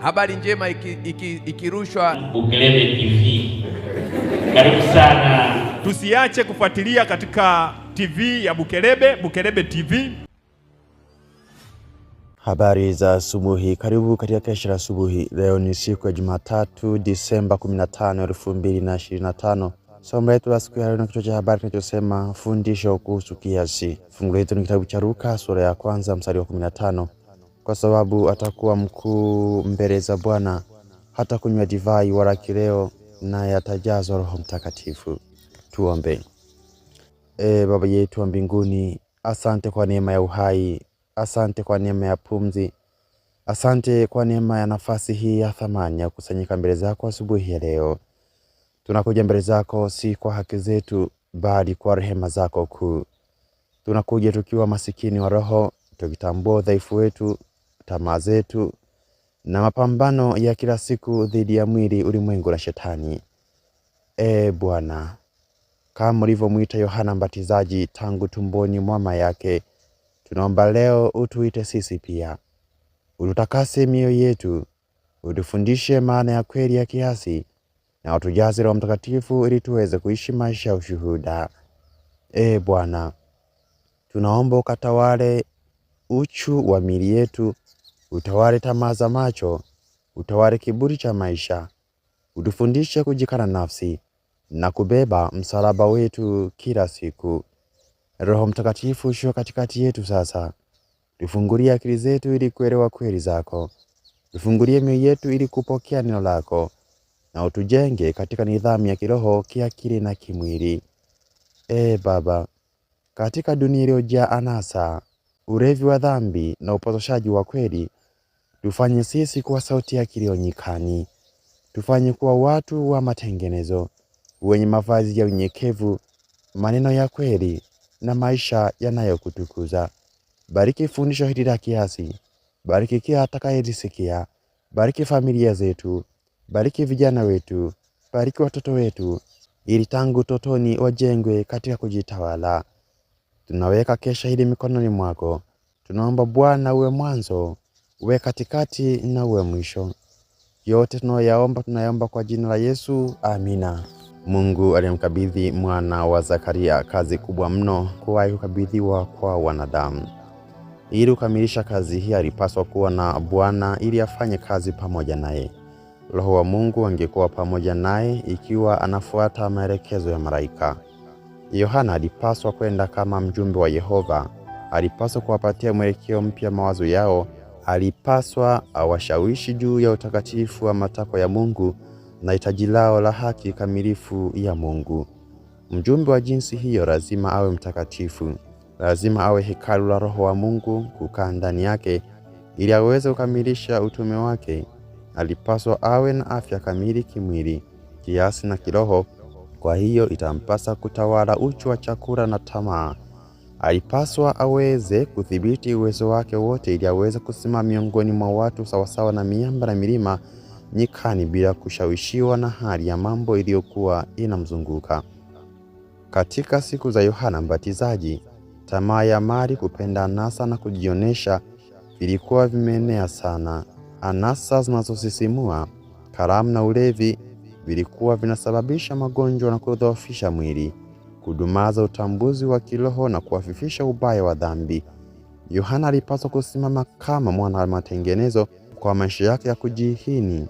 Habari njema ikirushwa iki, iki Bukelebe TV. Karibu sana, tusiache kufuatilia katika TV ya Bukelebe, Bukelebe TV. Habari za asubuhi, karibu katika kesha la asubuhi. Leo ni siku ya Jumatatu, Disemba 15, 2025. Somo letu la siku ya leo na kichwa cha habari kinachosema fundisho kuhusu kiasi. Fungu letu ni kitabu cha Luka sura ya kwanza mstari wa 15 kwa sababu atakuwa mkuu mbele za Bwana, hata kunywa divai wala kileo, naye atajazwa Roho Mtakatifu. Tuombe. E, Baba yetu wa mbinguni, asante kwa neema ya uhai, asante kwa neema ya pumzi, asante kwa neema ya nafasi hii ya thamani ya kukusanyika mbele zako asubuhi ya leo. Tunakuja mbele zako si kwa haki zetu, bali kwa rehema zako kuu. Tunakuja tukiwa masikini wa roho, tukitambua udhaifu wetu tamaa zetu na mapambano ya kila siku dhidi ya mwili, ulimwengu na Shetani. E Bwana, kama ulivyomwita Yohana Mbatizaji tangu tumboni mwa mama yake, tunaomba leo utuite sisi pia, ututakase mioyo yetu, utufundishe maana ya kweli ya kiasi, na utujaze Roho Mtakatifu ili tuweze kuishi maisha ya ushuhuda. E Bwana, tunaomba ukatawale uchu wa mili yetu utawale tamaa za macho, utawale kiburi cha maisha, utufundishe kujikana nafsi na kubeba msalaba wetu kila siku. Roho Mtakatifu, shuka katikati yetu sasa, tufungulie akili zetu ili kuelewa kweli zako, tufungulie mioyo yetu ili kupokea neno lako, na utujenge katika nidhamu ya kiroho, kiakili na kimwili. E Baba, katika dunia iliyojaa anasa, ulevi wa dhambi na upotoshaji wa kweli, Tufanye sisi kuwa sauti ya kilio nyikani, tufanye kuwa watu wa matengenezo, wenye mavazi ya unyekevu, maneno ya kweli na maisha yanayokutukuza. Bariki fundisho hili la kiasi, bariki kila atakayelisikia, bariki familia zetu, bariki vijana wetu, bariki watoto wetu, ili tangu totoni wajengwe katika kujitawala. Tunaweka kesha hili mikononi mwako, tunaomba Bwana uwe mwanzo uwe katikati na uwe mwisho. Yote tunayoyaomba tunayaomba kwa jina la Yesu, amina. Mungu aliyemkabidhi mwana wa Zakaria kazi kubwa mno kuwahi kukabidhiwa kwa wanadamu. Ili kukamilisha kazi hii, alipaswa kuwa na Bwana ili afanye kazi pamoja naye. Roho wa Mungu angekuwa pamoja naye ikiwa anafuata maelekezo ya malaika. Yohana alipaswa kwenda kama mjumbe wa Yehova. Alipaswa kuwapatia mwelekeo mpya mawazo yao alipaswa awashawishi juu ya utakatifu wa matakwa ya Mungu na hitaji lao la haki kamilifu ya Mungu. Mjumbe wa jinsi hiyo lazima awe mtakatifu, lazima awe hekalu la Roho wa Mungu kukaa ndani yake ili aweze kukamilisha utume wake. Alipaswa awe na afya kamili kimwili, kiasi na kiroho. Kwa hiyo itampasa kutawala uchu wa chakula na tamaa Alipaswa aweze kudhibiti uwezo wake wote ili aweze kusimama miongoni mwa watu sawasawa na miamba na milima nyikani bila kushawishiwa na hali ya mambo iliyokuwa inamzunguka. Katika siku za Yohana Mbatizaji, tamaa ya mali, kupenda anasa na kujionyesha vilikuwa vimeenea sana. Anasa zinazosisimua, karamu na ulevi vilikuwa vinasababisha magonjwa na kudhoofisha mwili kudumaza utambuzi wa kiroho na kuafifisha ubaya wa dhambi. Yohana alipaswa kusimama kama mwana wa matengenezo kwa maisha yake ya kujihini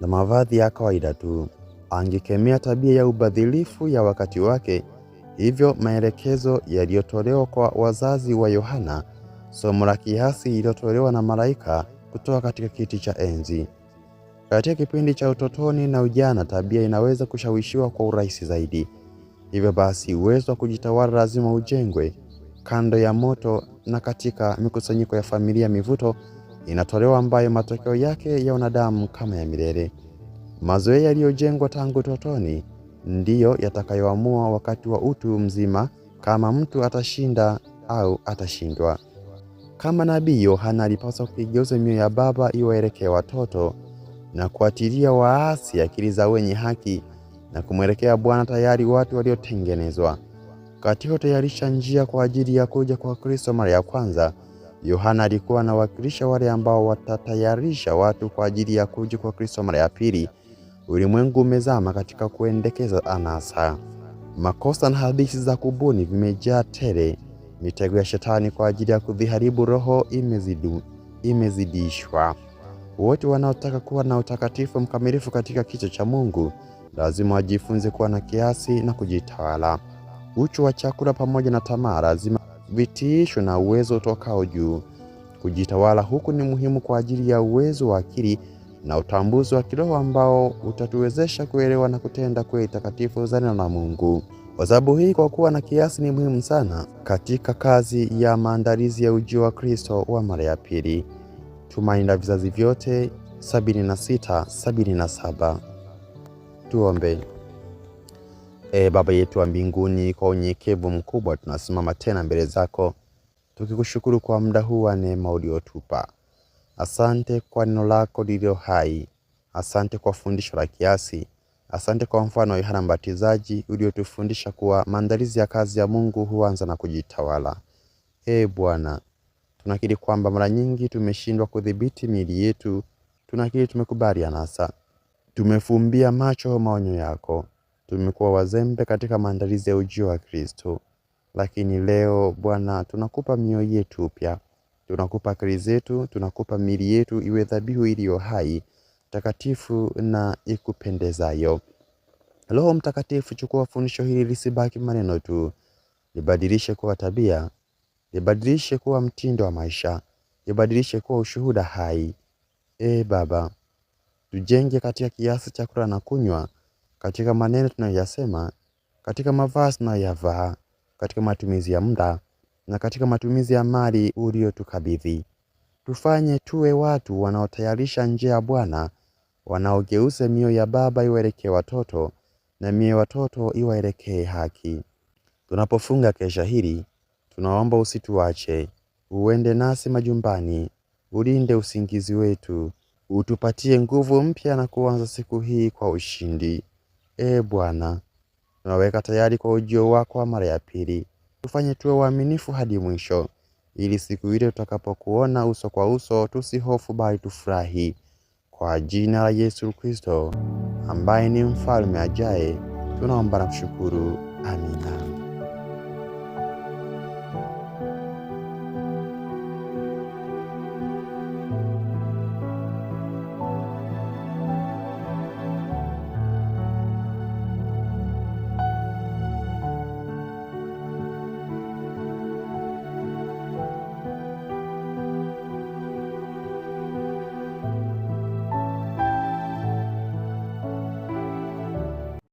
na mavazi ya kawaida tu. Angekemea tabia ya ubadhilifu ya wakati wake. Hivyo maelekezo yaliyotolewa kwa wazazi wa Yohana, somo la kiasi iliyotolewa na malaika kutoka katika kiti cha enzi. Katika kipindi cha utotoni na ujana, tabia inaweza kushawishiwa kwa urahisi zaidi. Hivyo basi uwezo wa kujitawala lazima ujengwe kando ya moto, na katika mikusanyiko ya familia mivuto inatolewa ambayo matokeo yake ya wanadamu kama ya milele. Mazoea yaliyojengwa tangu totoni ndiyo yatakayoamua wakati wa utu mzima kama mtu atashinda au atashindwa. Kama Nabii Yohana alipaswa kuigeuza mioyo ya baba iwaelekee watoto na kuatilia waasi akili za wenye haki na kumwelekea Bwana tayari watu waliotengenezwa. Wakati hutayarisha njia kwa ajili ya kuja kwa Kristo mara ya kwanza, Yohana alikuwa anawakilisha wale ambao watatayarisha watu kwa ajili ya kuja kwa Kristo mara ya pili. Ulimwengu umezama katika kuendekeza anasa, makosa na hadithi za kubuni vimejaa tele. Mitego ya shetani kwa ajili ya kudhiharibu roho imezidu, imezidishwa. Wote wanaotaka kuwa na utakatifu mkamilifu katika kicho cha Mungu lazima wajifunze kuwa na kiasi na kujitawala. Uchu wa chakula pamoja na tamaa lazima vitiishwe na uwezo utokao juu. Kujitawala huku ni muhimu kwa ajili ya uwezo wa akili na utambuzi wa kiroho ambao utatuwezesha kuelewa na kutenda kweli takatifu za neno la Mungu. Kwa sababu hii, kwa kuwa na kiasi ni muhimu sana katika kazi ya maandalizi ya ujio wa Kristo wa mara ya pili. Tumaini la Vizazi Vyote, 76 77 tuombe E Baba yetu wa mbinguni, kwa unyenyekevu mkubwa tunasimama tena mbele zako tukikushukuru kwa muda huu wa neema uliotupa. Asante kwa neno lako lililo hai, asante kwa fundisho la kiasi, asante kwa mfano wa Yohana Mbatizaji uliotufundisha kuwa maandalizi ya kazi ya Mungu huanza na kujitawala. E Bwana, tunakiri kwamba mara nyingi tumeshindwa kudhibiti miili yetu, tunakiri tumekubali anasa Tumefumbia macho maonyo yako, tumekuwa wazembe katika maandalizi ya ujio wa Kristo. Lakini leo Bwana, tunakupa mioyo yetu upya, tunakupa akili zetu, tunakupa miili yetu iwe dhabihu iliyo hai, takatifu na ikupendezayo. Roho Mtakatifu, chukua fundisho hili lisibaki maneno tu, libadilishe kuwa tabia, libadilishe kuwa mtindo wa maisha, libadilishe kuwa ushuhuda hai. E Baba, Tujenge katika kiasi cha kula na kunywa, katika maneno tunayoyasema, katika mavazi tunayoyavaa, katika matumizi ya muda na katika matumizi ya mali uliotukabidhi. Tufanye tuwe watu wanaotayarisha njia ya Bwana, wanaogeuza mioyo ya baba iwaelekee watoto na mioyo ya watoto iwaelekee haki. Tunapofunga kesha hili, tunaomba usituache, uende nasi majumbani, ulinde usingizi wetu utupatie nguvu mpya na kuanza siku hii kwa ushindi. e Bwana, tunaweka tayari kwa ujio wako wa mara ya pili. Tufanye tuwe waaminifu hadi mwisho, ili siku ile tutakapokuona uso kwa uso tusihofu, bali tufurahi. Kwa jina la Yesu Kristo ambaye ni mfalme ajaye, tunaomba na kushukuru. Amina.